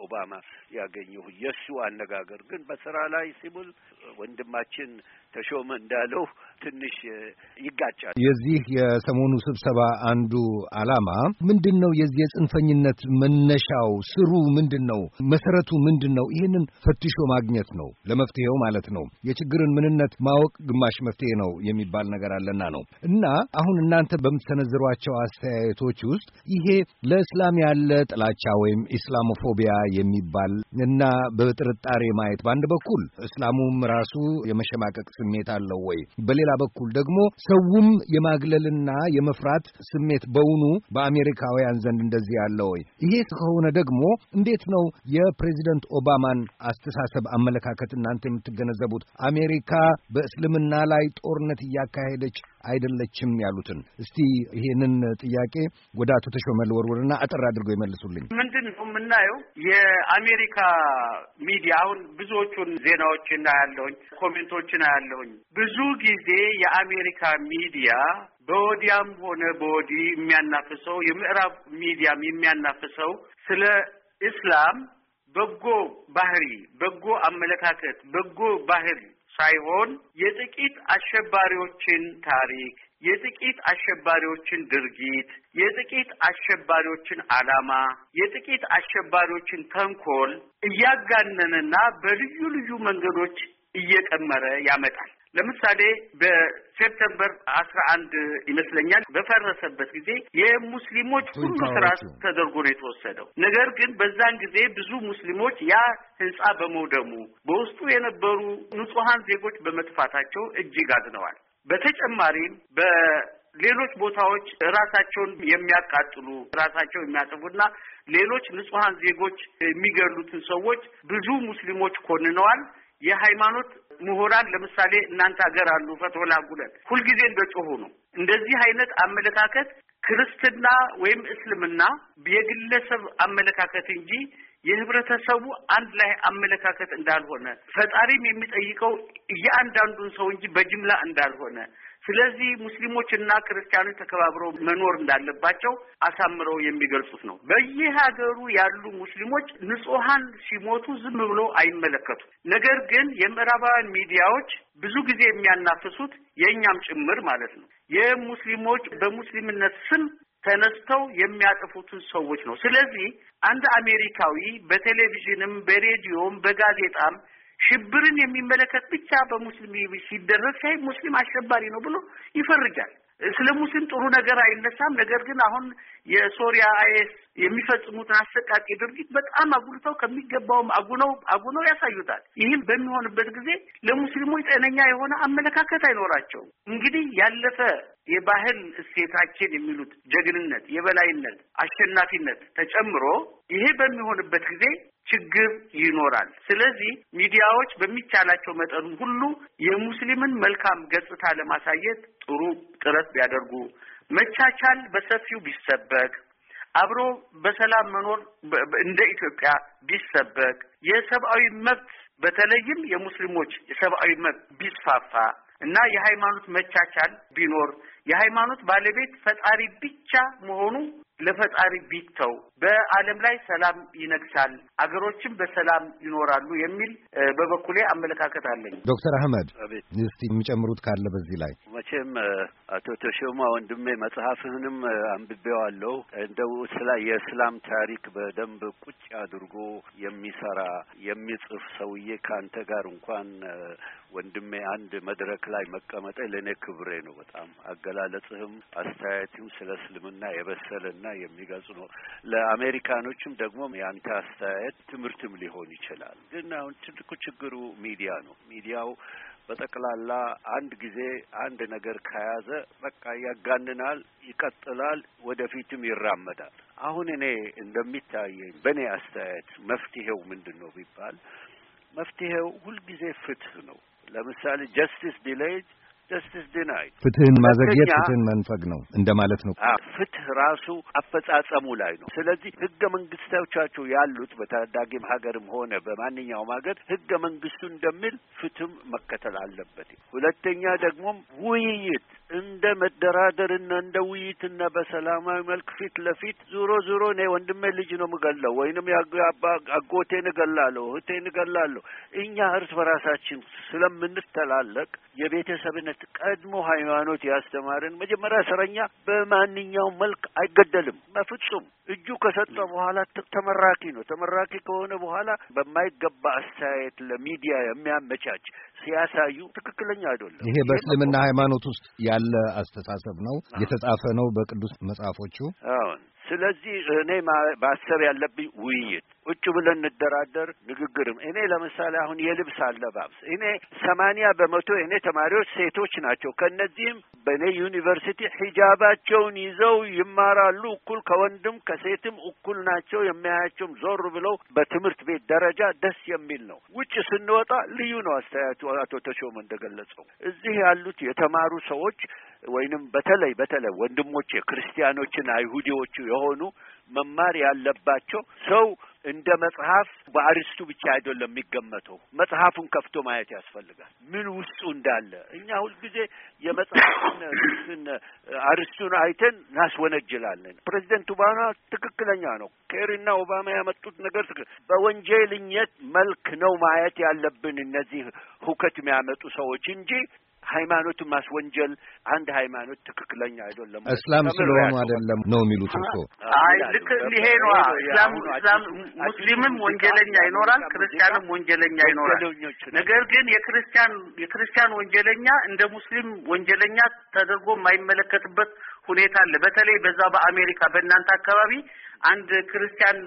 ኦባማ ያገኘሁ። የእሱ አነጋገር ግን በስራ ላይ ሲውል ወንድማችን ተሾመ እንዳለው ትንሽ ይጋጫል። የዚህ የሰሞኑ ስብሰባ አንዱ ዓላማ ምንድን ነው? የዚህ የጽንፈኝነት መነሻው ስሩ ምንድን ነው? መሰረቱ ምንድን ነው? ይህንን ፈትሾ ማግኘት ነው ለመፍትሄው ማለት ነው። የችግርን ምንነት ማወቅ ግማሽ መፍትሄ ነው የሚባል ነገር አለና ነው እና አሁን እናንተ በምትሰነዝሯቸው አስተያየቶች ውስጥ ይሄ ለእስላም ያለ ጥላቻ ወይም ኢስላሞፎቢያ የሚባል እና በጥርጣሬ ማየት በአንድ በኩል እስላሙም ራሱ የመሸማቀቅ ስሜት አለው ወይ? በሌላ በኩል ደግሞ ሰውም የማግለልና የመፍራት ስሜት በውኑ በአሜሪካውያን ዘንድ እንደዚህ ያለ ወይ? ይሄ ከሆነ ደግሞ እንዴት ነው የፕሬዚደንት ኦባማን አስተሳሰብ አመለካከት እናንተ የምትገነዘቡት? አሜሪካ በእስልምና ላይ ጦርነት እያካሄደች አይደለችም ያሉትን እስቲ ይሄንን ጥያቄ ወደ አቶ ተሾመ ልወርውርና አጠር አድርገው ይመልሱልኝ። ምንድን ነው የምናየው የአሜሪካ ሚዲያ አሁን ብዙዎቹን ዜናዎችን አያለሁኝ፣ ኮሜንቶችን አያለሁኝ። ብዙ ጊዜ የአሜሪካ ሚዲያ በወዲያም ሆነ በወዲህ የሚያናፍሰው የምዕራብ ሚዲያም የሚያናፍሰው ስለ እስላም በጎ ባህሪ፣ በጎ አመለካከት፣ በጎ ባህሪ ሳይሆን የጥቂት አሸባሪዎችን ታሪክ፣ የጥቂት አሸባሪዎችን ድርጊት፣ የጥቂት አሸባሪዎችን ዓላማ፣ የጥቂት አሸባሪዎችን ተንኮል እያጋነነና በልዩ ልዩ መንገዶች እየቀመረ ያመጣል። ለምሳሌ በሴፕተምበር አስራ አንድ ይመስለኛል በፈረሰበት ጊዜ የሙስሊሞች ሁሉ ስራ ተደርጎ ነው የተወሰደው። ነገር ግን በዛን ጊዜ ብዙ ሙስሊሞች ያ ህንጻ በመውደሙ በውስጡ የነበሩ ንጹሐን ዜጎች በመጥፋታቸው እጅግ አዝነዋል። በተጨማሪም በ ሌሎች ቦታዎች ራሳቸውን የሚያቃጥሉ ራሳቸው የሚያጠፉና ሌሎች ንጹሐን ዜጎች የሚገሉትን ሰዎች ብዙ ሙስሊሞች ኮንነዋል። የሃይማኖት ምሁራን ለምሳሌ እናንተ ሀገር አሉ ፈትወላ ላጉለን ሁልጊዜ እንደጮሁ ነው። እንደዚህ አይነት አመለካከት ክርስትና ወይም እስልምና የግለሰብ አመለካከት እንጂ የህብረተሰቡ አንድ ላይ አመለካከት እንዳልሆነ ፈጣሪም የሚጠይቀው እያንዳንዱን ሰው እንጂ በጅምላ እንዳልሆነ ስለዚህ ሙስሊሞች እና ክርስቲያኖች ተከባብረው መኖር እንዳለባቸው አሳምረው የሚገልጹት ነው። በየሀገሩ ያሉ ሙስሊሞች ንጹሐን ሲሞቱ ዝም ብሎ አይመለከቱም። ነገር ግን የምዕራባውያን ሚዲያዎች ብዙ ጊዜ የሚያናፍሱት የእኛም ጭምር ማለት ነው የሙስሊሞች በሙስሊምነት ስም ተነስተው የሚያጠፉትን ሰዎች ነው። ስለዚህ አንድ አሜሪካዊ በቴሌቪዥንም በሬዲዮም በጋዜጣም ሽብርን የሚመለከት ብቻ በሙስሊም ሲደረግ ሳይ ሙስሊም አሸባሪ ነው ብሎ ይፈርጃል። ስለ ሙስሊም ጥሩ ነገር አይነሳም። ነገር ግን አሁን የሶሪያ አይኤስ የሚፈጽሙትን አሰቃቂ ድርጊት በጣም አጉልተው ከሚገባውም አጉነው አጉነው ያሳዩታል። ይህም በሚሆንበት ጊዜ ለሙስሊሞች ጤነኛ የሆነ አመለካከት አይኖራቸውም። እንግዲህ ያለፈ የባህል እሴታችን የሚሉት ጀግንነት፣ የበላይነት፣ አሸናፊነት ተጨምሮ ይሄ በሚሆንበት ጊዜ ችግር ይኖራል። ስለዚህ ሚዲያዎች በሚቻላቸው መጠኑ ሁሉ የሙስሊምን መልካም ገጽታ ለማሳየት ጥሩ ጥረት ቢያደርጉ፣ መቻቻል በሰፊው ቢሰበክ፣ አብሮ በሰላም መኖር እንደ ኢትዮጵያ ቢሰበክ፣ የሰብአዊ መብት በተለይም የሙስሊሞች የሰብአዊ መብት ቢስፋፋ እና የሃይማኖት መቻቻል ቢኖር የሃይማኖት ባለቤት ፈጣሪ ብቻ መሆኑ ለፈጣሪ ቢተው በዓለም ላይ ሰላም ይነግሳል፣ አገሮችም በሰላም ይኖራሉ የሚል በበኩሌ አመለካከት አለኝ። ዶክተር አህመድ እስቲ የሚጨምሩት ካለ በዚህ ላይ መቼም አቶ ተሾማ ወንድሜ መጽሐፍህንም አንብቤዋለሁ። እንደው ስለ የእስላም ታሪክ በደንብ ቁጭ አድርጎ የሚሰራ የሚጽፍ ሰውዬ ከአንተ ጋር እንኳን ወንድሜ አንድ መድረክ ላይ መቀመጠ ለእኔ ክብሬ ነው። በጣም አገላለጽህም አስተያየትም ስለ እስልምና የበሰለና የሚገልጽ ነው። ለአሜሪካኖችም ደግሞ የአንተ አስተያየት ትምህርትም ሊሆን ይችላል። ግን አሁን ትልቁ ችግሩ ሚዲያ ነው። ሚዲያው በጠቅላላ አንድ ጊዜ አንድ ነገር ከያዘ በቃ ያጋንናል፣ ይቀጥላል፣ ወደፊትም ይራመዳል። አሁን እኔ እንደሚታየኝ በእኔ አስተያየት መፍትሄው ምንድን ነው ቢባል መፍትሄው ሁልጊዜ ፍትህ ነው። ለምሳሌ ጀስቲስ ዲሌይድ ጀስቲስ ዲናይድ፣ ፍትህን ማዘግየት ፍትህን መንፈግ ነው ማለት ነው። ፍትህ ራሱ አፈጻጸሙ ላይ ነው። ስለዚህ ህገ መንግስቶቻቸው ያሉት በታዳጊም ሀገርም ሆነ በማንኛውም ሀገር ህገ መንግስቱ እንደሚል ፍትህም መከተል አለበት። ሁለተኛ ደግሞም ውይይት እንደ መደራደርና እንደ ውይይትና በሰላማዊ መልክ ፊት ለፊት ዞሮ ዞሮ እኔ ወንድሜ ልጅ ነው ምገለው ወይንም አጎቴን እገላለሁ፣ እህቴን እገላለሁ። እኛ እርስ በራሳችን ስለምንተላለቅ የቤተሰብነት ቀድሞ ሃይማኖት ያስተማርን መጀመሪያ እስረኛ በማንኛውም መልክ አይገደልም። በፍጹም እጁ ከሰጠ በኋላ ተመራኪ ነው። ተመራኪ ከሆነ በኋላ በማይገባ አስተያየት ለሚዲያ የሚያመቻች ሲያሳዩ ትክክለኛ አይደለም። ይሄ በእስልምና ሃይማኖት ውስጥ ያለ አስተሳሰብ ነው የተጻፈ ነው በቅዱስ መጽሐፎቹ። አዎን ስለዚህ እኔ ማሰብ ያለብኝ ውይይት ቁጭ ብለን እንደራደር፣ ንግግርም። እኔ ለምሳሌ አሁን የልብስ አለባብስ እኔ ሰማንያ በመቶ እኔ ተማሪዎች ሴቶች ናቸው። ከእነዚህም በእኔ ዩኒቨርሲቲ ሂጃባቸውን ይዘው ይማራሉ። እኩል ከወንድም ከሴትም እኩል ናቸው። የሚያያቸውም ዞር ብለው በትምህርት ቤት ደረጃ ደስ የሚል ነው። ውጭ ስንወጣ ልዩ ነው አስተያየቱ። አቶ ተሾመ እንደገለጸው እዚህ ያሉት የተማሩ ሰዎች ወይንም በተለይ በተለይ ወንድሞቼ ክርስቲያኖችና አይሁዲዎቹ የሆኑ መማር ያለባቸው ሰው እንደ መጽሐፍ በአርስቱ ብቻ አይደለም የሚገመተው። መጽሐፉን ከፍቶ ማየት ያስፈልጋል፣ ምን ውስጡ እንዳለ። እኛ ሁልጊዜ የመጽሐፉን አርስቱን አይተን እናስወነጅላለን። ፕሬዚደንት ኦባማ ትክክለኛ ነው። ኬሪና ኦባማ ያመጡት ነገር በወንጀልኘት መልክ ነው ማየት ያለብን እነዚህ ሁከት የሚያመጡ ሰዎች እንጂ ሃይማኖትን ማስወንጀል አንድ ሃይማኖት ትክክለኛ አይደለም፣ እስላም ስለሆኑ አይደለም ነው የሚሉት እርሶ? አይ ልክ እንዲሄ ነ እስላም እስላም ሙስሊምም ወንጀለኛ ይኖራል፣ ክርስቲያንም ወንጀለኛ ይኖራል። ነገር ግን የክርስቲያን የክርስቲያን ወንጀለኛ እንደ ሙስሊም ወንጀለኛ ተደርጎ የማይመለከትበት ሁኔታ አለ። በተለይ በዛ በአሜሪካ በእናንተ አካባቢ አንድ ክርስቲያን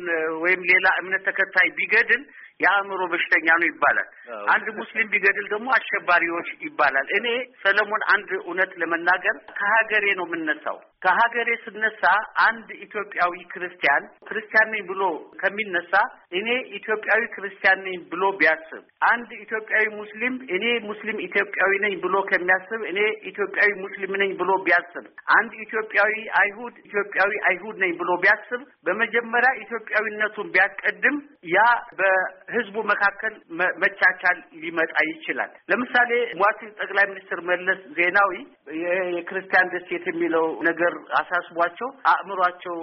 ወይም ሌላ እምነት ተከታይ ቢገድል የአእምሮ በሽተኛ ነው ይባላል። አንድ ሙስሊም ቢገድል ደግሞ አሸባሪዎች ይባላል። እኔ ሰለሞን፣ አንድ እውነት ለመናገር ከሀገሬ ነው የምነሳው። ከሀገሬ ስነሳ አንድ ኢትዮጵያዊ ክርስቲያን ክርስቲያን ነኝ ብሎ ከሚነሳ እኔ ኢትዮጵያዊ ክርስቲያን ነኝ ብሎ ቢያስብ፣ አንድ ኢትዮጵያዊ ሙስሊም እኔ ሙስሊም ኢትዮጵያዊ ነኝ ብሎ ከሚያስብ እኔ ኢትዮጵያዊ ሙስሊም ነኝ ብሎ ቢያስብ፣ አንድ ኢትዮጵያዊ አይሁድ ኢትዮጵያዊ አይሁድ ነኝ ብሎ ቢያስብ፣ በመጀመሪያ ኢትዮጵያዊነቱን ቢያስቀድም ያ በህዝቡ መካከል መቻቻል ሊመጣ ይችላል። ለምሳሌ ሟቹ ጠቅላይ ሚኒስትር መለስ ዜናዊ የክርስቲያን ደሴት የሚለው ነገር አሳስቧቸው አእምሯቸው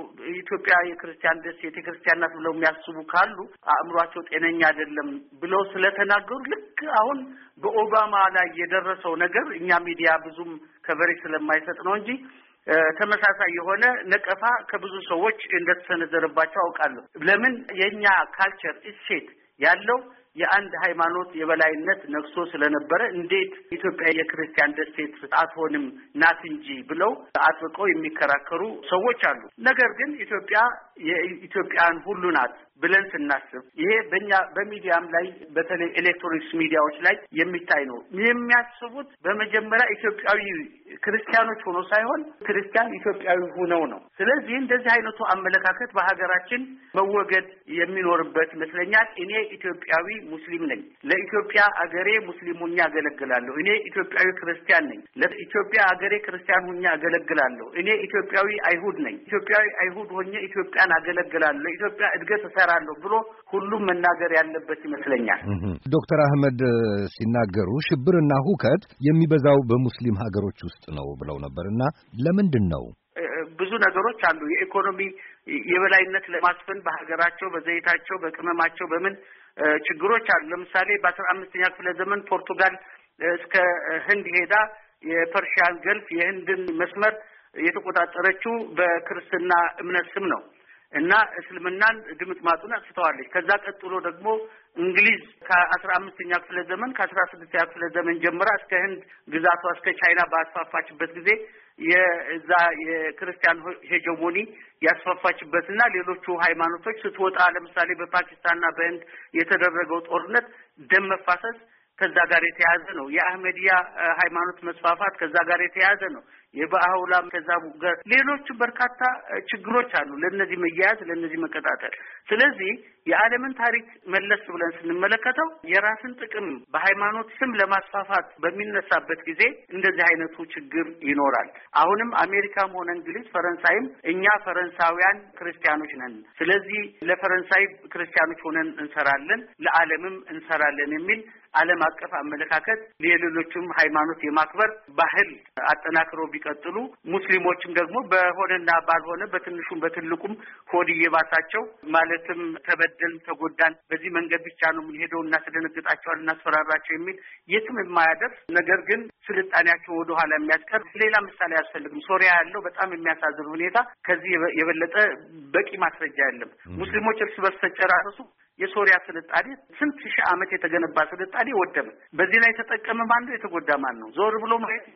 ኢትዮጵያ የክርስቲያን ደሴት የክርስቲያን ናት ብለው የሚያስቡ ካሉ አእምሯቸው ጤነኛ አይደለም ብለው ስለተናገሩ ልክ አሁን በኦባማ ላይ የደረሰው ነገር እኛ ሚዲያ ብዙም ከበሬ ስለማይሰጥ ነው እንጂ ተመሳሳይ የሆነ ነቀፋ ከብዙ ሰዎች እንደተሰነዘረባቸው አውቃለሁ። ለምን የእኛ ካልቸር እሴት ያለው የአንድ ሃይማኖት የበላይነት ነግሶ ስለነበረ እንዴት ኢትዮጵያ የክርስቲያን ደሴት አትሆንም ናት እንጂ ብለው አጥብቀው የሚከራከሩ ሰዎች አሉ። ነገር ግን ኢትዮጵያ የኢትዮጵያን ሁሉ ናት ብለን ስናስብ ይሄ በእኛ በሚዲያም ላይ በተለይ ኤሌክትሮኒክስ ሚዲያዎች ላይ የሚታይ ነው የሚያስቡት በመጀመሪያ ኢትዮጵያዊ ክርስቲያኖች ሆኖ ሳይሆን ክርስቲያን ኢትዮጵያዊ ሆነው ነው። ስለዚህ እንደዚህ አይነቱ አመለካከት በሀገራችን መወገድ የሚኖርበት ይመስለኛል። እኔ ኢትዮጵያዊ ሙስሊም ነኝ። ለኢትዮጵያ አገሬ ሙስሊም ሁኜ አገለግላለሁ። እኔ ኢትዮጵያዊ ክርስቲያን ነኝ። ለኢትዮጵያ አገሬ ክርስቲያን ሁኜ አገለግላለሁ። እኔ ኢትዮጵያዊ አይሁድ ነኝ። ኢትዮጵያዊ አይሁድ ሆኜ ኢትዮጵያን አገለግላለሁ። ለኢትዮጵያ እድገት እሰራለሁ ብሎ ሁሉም መናገር ያለበት ይመስለኛል። ዶክተር አህመድ ሲናገሩ ሽብርና ሁከት የሚበዛው በሙስሊም ሀገሮች ውስጥ ውስጥ ነው ብለው ነበር እና ለምንድን ነው ብዙ ነገሮች አሉ። የኢኮኖሚ የበላይነት ለማስፈን በሀገራቸው፣ በዘይታቸው፣ በቅመማቸው በምን ችግሮች አሉ። ለምሳሌ በአስራ አምስተኛ ክፍለ ዘመን ፖርቱጋል እስከ ህንድ ሄዳ የፐርሺያን ገልፍ የህንድን መስመር የተቆጣጠረችው በክርስትና እምነት ስም ነው እና እስልምናን ድምጥማጡን አጥፍተዋለች። ከዛ ቀጥሎ ደግሞ እንግሊዝ ከአስራ አምስተኛ ክፍለ ዘመን ከአስራ ስድስተኛ ክፍለ ዘመን ጀምራ እስከ ህንድ ግዛቷ እስከ ቻይና ባስፋፋችበት ጊዜ የዛ የክርስቲያን ሄጀሞኒ ያስፋፋችበትና ሌሎቹ ሃይማኖቶች ስትወጣ ለምሳሌ በፓኪስታንና በህንድ የተደረገው ጦርነት ደም መፋሰስ ከዛ ጋር የተያያዘ ነው። የአህመድያ ሃይማኖት መስፋፋት ከዛ ጋር የተያያዘ ነው። የባአውላም ከዛ ጋር ሌሎቹ በርካታ ችግሮች አሉ። ለእነዚህ መያያዝ፣ ለእነዚህ መቀጣጠል። ስለዚህ የዓለምን ታሪክ መለስ ብለን ስንመለከተው የራስን ጥቅም በሃይማኖት ስም ለማስፋፋት በሚነሳበት ጊዜ እንደዚህ አይነቱ ችግር ይኖራል። አሁንም አሜሪካም ሆነ እንግሊዝ፣ ፈረንሳይም እኛ ፈረንሳውያን ክርስቲያኖች ነን፣ ስለዚህ ለፈረንሳይ ክርስቲያኖች ሆነን እንሰራለን፣ ለዓለምም እንሰራለን የሚል ዓለም አቀፍ አመለካከት የሌሎቹም ሃይማኖት የማክበር ባህል አጠናክሮ ቢቀጥሉ ሙስሊሞችም ደግሞ በሆነና ባልሆነ በትንሹም በትልቁም ሆድ እየባሳቸው ማለትም ተበደልን፣ ተጎዳን፣ በዚህ መንገድ ብቻ ነው የምንሄደው፣ እናስደነግጣቸዋል፣ እናስፈራራቸው የሚል የትም የማያደርስ ነገር ግን ስልጣኔያቸውን ወደኋላ የሚያስቀር ሌላ ምሳሌ አያስፈልግም። ሶሪያ ያለው በጣም የሚያሳዝን ሁኔታ ከዚህ የበለጠ በቂ ማስረጃ የለም። ሙስሊሞች እርስ በርስ ተጨራረሱ። የሶሪያ ስልጣኔ ስንት ሺህ ዓመት የተገነባ ስልጣኔ ወደመ። በዚህ ላይ ተጠቀመ ማን ነው? የተጎዳ ማን ነው? ዞር ብሎ ማየት።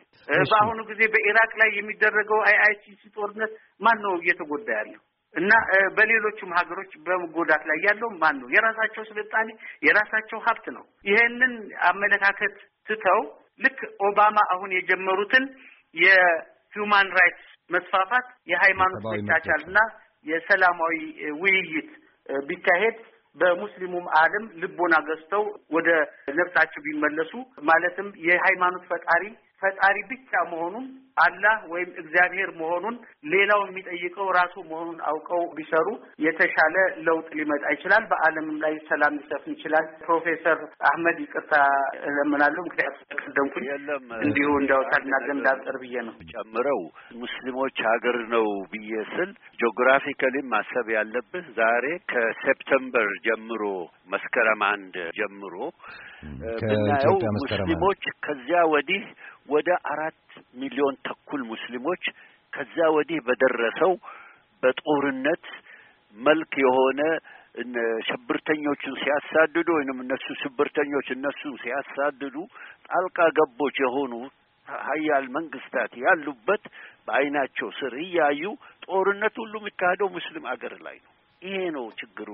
በአሁኑ ጊዜ በኢራቅ ላይ የሚደረገው አይአይሲሲ ጦርነት ማን ነው እየተጎዳ ያለው? እና በሌሎቹም ሀገሮች በመጎዳት ላይ ያለው ማን ነው? የራሳቸው ስልጣኔ የራሳቸው ሀብት ነው። ይሄንን አመለካከት ትተው ልክ ኦባማ አሁን የጀመሩትን የሂውማን ራይትስ መስፋፋት፣ የሃይማኖት መቻቻል እና የሰላማዊ ውይይት ቢካሄድ በሙስሊሙም ዓለም ልቦና ገዝተው ወደ ነፍሳቸው ቢመለሱ ማለትም የሃይማኖት ፈጣሪ ፈጣሪ ብቻ መሆኑን አላህ ወይም እግዚአብሔር መሆኑን ሌላው የሚጠይቀው ራሱ መሆኑን አውቀው ቢሰሩ የተሻለ ለውጥ ሊመጣ ይችላል። በዓለምም ላይ ሰላም ሊሰፍን ይችላል። ፕሮፌሰር አህመድ ይቅርታ እለምናለሁ፣ ምክንያቱ ቀደምኩኝ። የለም እንዲሁ እንዲያው ሳናገር እንዳልቀር ብዬ ነው። ጨምረው ሙስሊሞች ሀገር ነው ብዬ ስል ጂኦግራፊካሊ ማሰብ ያለብህ ዛሬ ከሴፕተምበር ጀምሮ መስከረም አንድ ጀምሮ ብናየው ሙስሊሞች ከዚያ ወዲህ ወደ አራት ሚሊዮን ተኩል ሙስሊሞች ከዛ ወዲህ በደረሰው በጦርነት መልክ የሆነ ሽብርተኞቹን ሲያሳድዱ ወይንም እነሱ ሽብርተኞች እነሱን ሲያሳድዱ ጣልቃ ገቦች የሆኑ ሀያል መንግስታት ያሉበት በአይናቸው ስር እያዩ ጦርነት ሁሉ የሚካሄደው ሙስሊም አገር ላይ ነው። ይሄ ነው ችግሩ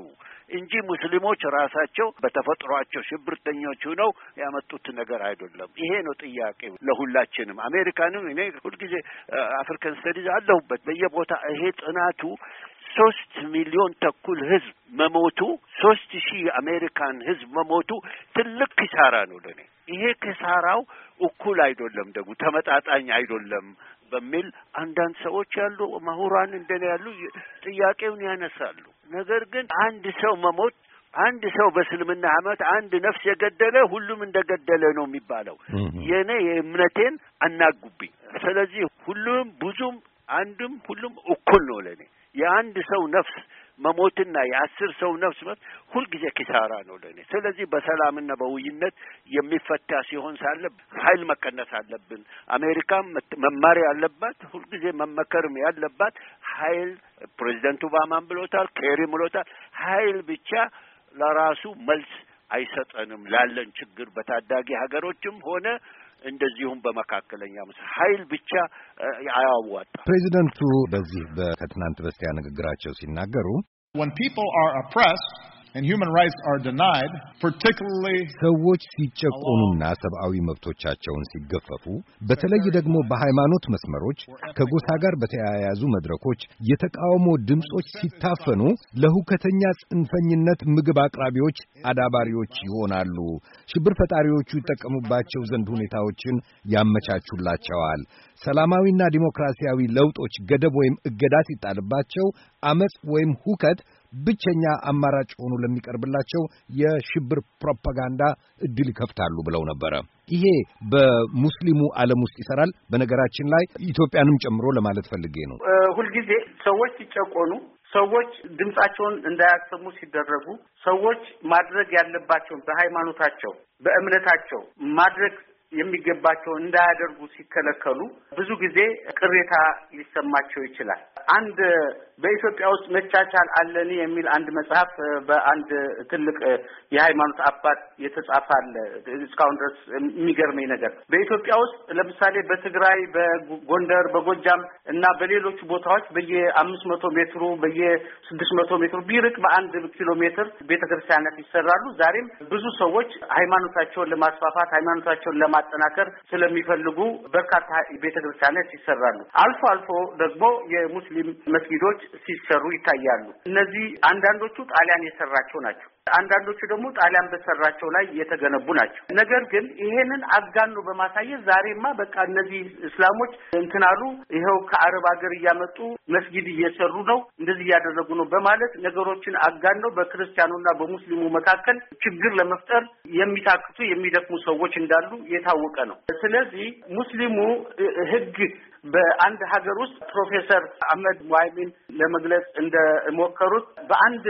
እንጂ ሙስሊሞች ራሳቸው በተፈጥሯቸው ሽብርተኞች ሆነው ያመጡት ነገር አይደለም። ይሄ ነው ጥያቄው ለሁላችንም። አሜሪካንም እኔ ሁልጊዜ አፍሪካን ስተዲዝ አለሁበት በየቦታ ይሄ ጥናቱ ሶስት ሚሊዮን ተኩል ህዝብ መሞቱ ሶስት ሺህ አሜሪካን ህዝብ መሞቱ ትልቅ ኪሳራ ነው ለእኔ። ይሄ ኪሳራው እኩል አይደለም፣ ደግሞ ተመጣጣኝ አይደለም በሚል አንዳንድ ሰዎች ያሉ ምሁራን እንደኔ ያሉ ጥያቄውን ያነሳሉ። ነገር ግን አንድ ሰው መሞት አንድ ሰው በእስልምና አመት አንድ ነፍስ የገደለ ሁሉም እንደገደለ ነው የሚባለው። የእኔ የእምነቴን አናጉብኝ። ስለዚህ ሁሉም ብዙም አንድም ሁሉም እኩል ነው ለእኔ የአንድ ሰው ነፍስ መሞትና የአስር ሰው ነፍስ መብት ሁልጊዜ ኪሳራ ነው ለእኔ። ስለዚህ በሰላምና በውይነት የሚፈታ ሲሆን ሳለ ኃይል መቀነስ አለብን። አሜሪካም መማር ያለባት ሁልጊዜ መመከርም ያለባት ኃይል ፕሬዚደንት ኦባማን ብሎታል፣ ኬሪ ብሎታል። ኃይል ብቻ ለራሱ መልስ አይሰጠንም ላለን ችግር በታዳጊ ሀገሮችም ሆነ እንደዚሁም በመካከለኛ ምስ ኃይል ብቻ አያዋጣ። ፕሬዚደንቱ በዚህ በከትናንት በስቲያ ንግግራቸው ሲናገሩ When people ሰዎች ሲጨቆኑና ሰብአዊ መብቶቻቸውን ሲገፈፉ በተለይ ደግሞ በሃይማኖት መስመሮች ከጎሳ ጋር በተያያዙ መድረኮች የተቃውሞ ድምፆች ሲታፈኑ ለሁከተኛ ጽንፈኝነት ምግብ አቅራቢዎች አዳባሪዎች ይሆናሉ። ሽብር ፈጣሪዎቹ ይጠቀሙባቸው ዘንድ ሁኔታዎችን ያመቻቹላቸዋል። ሰላማዊና ዲሞክራሲያዊ ለውጦች ገደብ ወይም እገዳ ሲጣልባቸው አመፅ ወይም ሁከት ብቸኛ አማራጭ ሆኖ ለሚቀርብላቸው የሽብር ፕሮፓጋንዳ እድል ይከፍታሉ ብለው ነበረ። ይሄ በሙስሊሙ ዓለም ውስጥ ይሰራል። በነገራችን ላይ ኢትዮጵያንም ጨምሮ ለማለት ፈልጌ ነው። ሁልጊዜ ሰዎች ሲጨቆኑ፣ ሰዎች ድምፃቸውን እንዳያሰሙ ሲደረጉ፣ ሰዎች ማድረግ ያለባቸውን በሃይማኖታቸው በእምነታቸው ማድረግ የሚገባቸው እንዳያደርጉ ሲከለከሉ ብዙ ጊዜ ቅሬታ ሊሰማቸው ይችላል። አንድ በኢትዮጵያ ውስጥ መቻቻል አለን የሚል አንድ መጽሐፍ በአንድ ትልቅ የሃይማኖት አባት የተጻፈ አለ። እስካሁን ድረስ የሚገርመኝ ነገር በኢትዮጵያ ውስጥ ለምሳሌ በትግራይ፣ በጎንደር፣ በጎጃም እና በሌሎች ቦታዎች በየአምስት መቶ ሜትሩ በየስድስት መቶ ሜትሩ ቢርቅ በአንድ ኪሎ ሜትር ክርስቲያናት ይሰራሉ። ዛሬም ብዙ ሰዎች ሃይማኖታቸውን ለማስፋፋት ሃይማኖታቸውን ለማጠናከር ስለሚፈልጉ በርካታ ክርስቲያናት ይሰራሉ። አልፎ አልፎ ደግሞ የሙስሊም መስጊዶች ሲሰሩ ይታያሉ። እነዚህ አንዳንዶቹ ጣሊያን የሰራቸው ናቸው። አንዳንዶቹ ደግሞ ጣሊያን በሰራቸው ላይ የተገነቡ ናቸው። ነገር ግን ይሄንን አጋኖ በማሳየት ዛሬማ በቃ እነዚህ እስላሞች እንትን አሉ፣ ይኸው ከአረብ ሀገር እያመጡ መስጊድ እየሰሩ ነው፣ እንደዚህ እያደረጉ ነው በማለት ነገሮችን አጋኖ በክርስቲያኑና በሙስሊሙ መካከል ችግር ለመፍጠር የሚታክቱ የሚደክሙ ሰዎች እንዳሉ የታወቀ ነው። ስለዚህ ሙስሊሙ ሕግ በአንድ ሀገር ውስጥ ፕሮፌሰር አህመድ ሙሃይሚን ለመግለጽ እንደሞከሩት በአንድ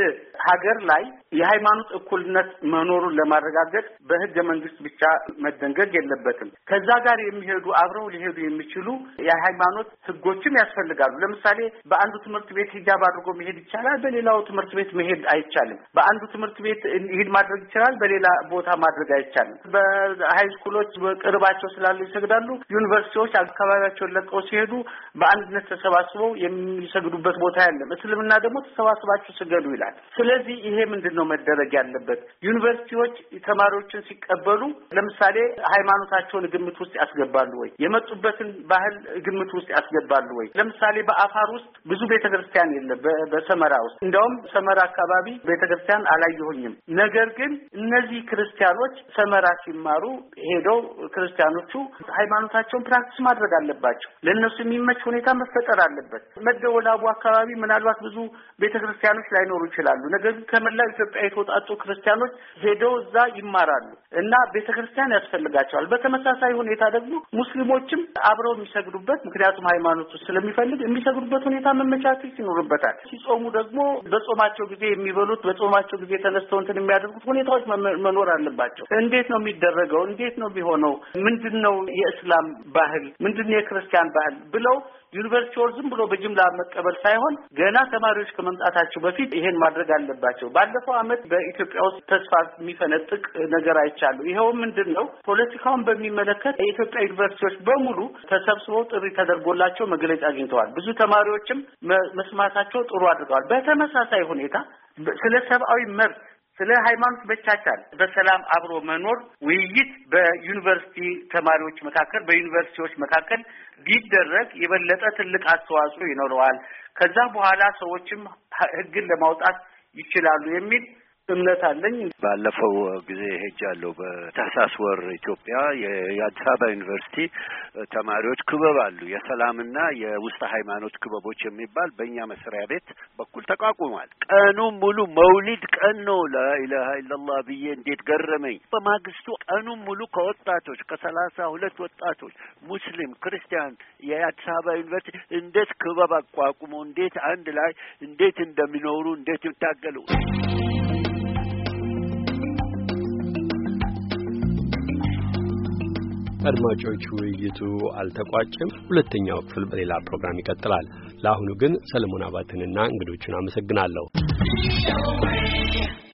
ሀገር ላይ የሃይማኖት እኩልነት መኖሩን ለማረጋገጥ በህገ መንግስት ብቻ መደንገግ የለበትም። ከዛ ጋር የሚሄዱ አብረው ሊሄዱ የሚችሉ የሃይማኖት ህጎችም ያስፈልጋሉ። ለምሳሌ በአንዱ ትምህርት ቤት ሂጃብ አድርጎ መሄድ ይቻላል፣ በሌላው ትምህርት ቤት መሄድ አይቻልም። በአንዱ ትምህርት ቤት ሄድ ማድረግ ይቻላል፣ በሌላ ቦታ ማድረግ አይቻልም። በሃይ ስኩሎች ቅርባቸው ስላሉ ይሰግዳሉ። ዩኒቨርሲቲዎች አካባቢያቸውን ለቀው አብረው ሲሄዱ በአንድነት ተሰባስበው የሚሰግዱበት ቦታ የለም። እስልምና ደግሞ ተሰባስባችሁ ስገዱ ይላል። ስለዚህ ይሄ ምንድን ነው መደረግ ያለበት? ዩኒቨርሲቲዎች ተማሪዎችን ሲቀበሉ ለምሳሌ ሃይማኖታቸውን ግምት ውስጥ ያስገባሉ ወይ? የመጡበትን ባህል ግምት ውስጥ ያስገባሉ ወይ? ለምሳሌ በአፋር ውስጥ ብዙ ቤተክርስቲያን የለም። በሰመራ ውስጥ እንደውም ሰመራ አካባቢ ቤተክርስቲያን አላየሁኝም። ነገር ግን እነዚህ ክርስቲያኖች ሰመራ ሲማሩ ሄደው ክርስቲያኖቹ ሃይማኖታቸውን ፕራክቲስ ማድረግ አለባቸው። ለእነሱ የሚመች ሁኔታ መፈጠር አለበት። መደወላቡ አካባቢ ምናልባት ብዙ ቤተ ክርስቲያኖች ላይኖሩ ይችላሉ። ነገር ግን ከመላው ኢትዮጵያ የተወጣጡ ክርስቲያኖች ሄደው እዛ ይማራሉ እና ቤተ ክርስቲያን ያስፈልጋቸዋል። በተመሳሳይ ሁኔታ ደግሞ ሙስሊሞችም አብረው የሚሰግዱበት ምክንያቱም ሃይማኖቱ ስለሚፈልግ የሚሰግዱበት ሁኔታ መመቻቸት ይኖርበታል። ሲጾሙ ደግሞ በጾማቸው ጊዜ የሚበሉት በጾማቸው ጊዜ ተነስተው እንትን የሚያደርጉት ሁኔታዎች መኖር አለባቸው። እንዴት ነው የሚደረገው? እንዴት ነው የሚሆነው? ምንድን ነው የእስላም ባህል? ምንድን ነው የክርስቲያን ይገባሃል ብለው ዩኒቨርሲቲዎች ዝም ብሎ በጅምላ መቀበል ሳይሆን ገና ተማሪዎች ከመምጣታቸው በፊት ይሄን ማድረግ አለባቸው። ባለፈው ዓመት በኢትዮጵያ ውስጥ ተስፋ የሚፈነጥቅ ነገር አይቻሉ። ይኸው ምንድን ነው? ፖለቲካውን በሚመለከት የኢትዮጵያ ዩኒቨርሲቲዎች በሙሉ ተሰብስበው ጥሪ ተደርጎላቸው መግለጫ አግኝተዋል። ብዙ ተማሪዎችም መስማታቸው ጥሩ አድርገዋል። በተመሳሳይ ሁኔታ ስለ ሰብአዊ መብት ስለ ሃይማኖት መቻቻል፣ በሰላም አብሮ መኖር ውይይት በዩኒቨርሲቲ ተማሪዎች መካከል በዩኒቨርሲቲዎች መካከል ቢደረግ የበለጠ ትልቅ አስተዋጽኦ ይኖረዋል። ከዛ በኋላ ሰዎችም ህግን ለማውጣት ይችላሉ የሚል እምነት አለኝ። ባለፈው ጊዜ ሄጃለሁ። በታህሳስ ወር ኢትዮጵያ የአዲስ አበባ ዩኒቨርሲቲ ተማሪዎች ክበብ አሉ። የሰላምና የውስጥ ሃይማኖት ክበቦች የሚባል በእኛ መስሪያ ቤት በኩል ተቋቁሟል። ቀኑን ሙሉ መውሊድ ቀን ነው። ላኢላሀ ኢለላህ ብዬ እንዴት ገረመኝ። በማግስቱ ቀኑን ሙሉ ከወጣቶች ከሰላሳ ሁለት ወጣቶች ሙስሊም፣ ክርስቲያን የአዲስ አበባ ዩኒቨርሲቲ እንዴት ክበብ አቋቁሞ እንዴት አንድ ላይ እንዴት እንደሚኖሩ እንዴት ይታገሉ አድማጮች፣ ውይይቱ አልተቋጭም። ሁለተኛው ክፍል በሌላ ፕሮግራም ይቀጥላል። ለአሁኑ ግን ሰለሞን አባትንና እንግዶቹን አመሰግናለሁ።